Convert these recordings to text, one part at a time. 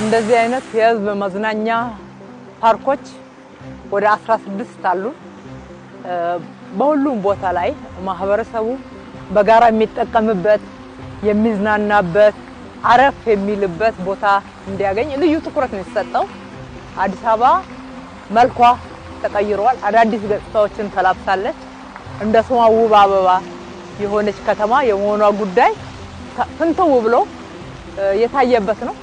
እንደዚህ አይነት የህዝብ መዝናኛ ፓርኮች ወደ 16 አሉ። በሁሉም ቦታ ላይ ማህበረሰቡ በጋራ የሚጠቀምበት የሚዝናናበት፣ አረፍ የሚልበት ቦታ እንዲያገኝ ልዩ ትኩረት ነው የተሰጠው። አዲስ አበባ መልኳ ተቀይሯል። አዳዲስ ገጽታዎችን ተላብሳለች። እንደ ስሟ ውብ አበባ የሆነች ከተማ የመሆኗ ጉዳይ ፍንትው ብሎ የታየበት ነው።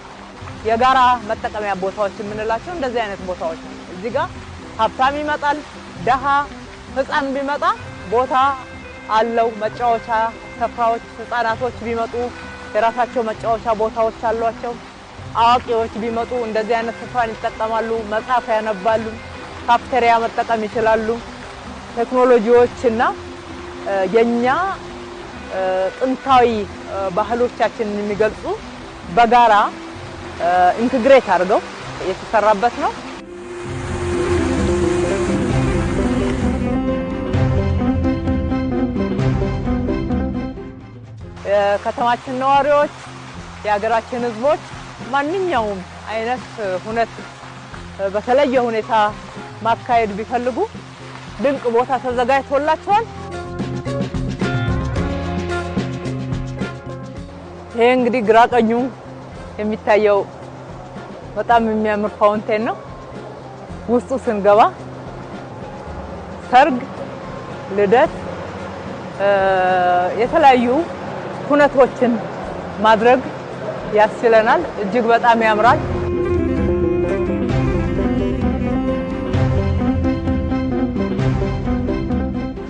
የጋራ መጠቀሚያ ቦታዎች የምንላቸው እንደዚህ አይነት ቦታዎች ነው። እዚህ ጋር ሀብታም ይመጣል፣ ደሃ ህፃን ቢመጣ ቦታ አለው። መጫወቻ ስፍራዎች ህፃናቶች ቢመጡ የራሳቸው መጫወቻ ቦታዎች አሏቸው። አዋቂዎች ቢመጡ እንደዚህ አይነት ስፍራን ይጠቀማሉ። መጽሐፍ ያነባሉ፣ ካፍቴሪያ መጠቀም ይችላሉ። ቴክኖሎጂዎች እና የኛ ጥንታዊ ባህሎቻችንን የሚገልጹ በጋራ ኢንትግሬት አድርገው የተሰራበት ነው። የከተማችን ነዋሪዎች፣ የሀገራችን ህዝቦች ማንኛውም አይነት ሁነት በተለየ ሁኔታ ማካሄድ ቢፈልጉ ድንቅ ቦታ ተዘጋጅቶላቸዋል። ይሄ እንግዲህ ግራ ቀኙ የሚታየው በጣም የሚያምር ፋውንቴን ነው። ውስጡ ስንገባ ሰርግ፣ ልደት፣ የተለያዩ ሁነቶችን ማድረግ ያስችለናል። እጅግ በጣም ያምራል።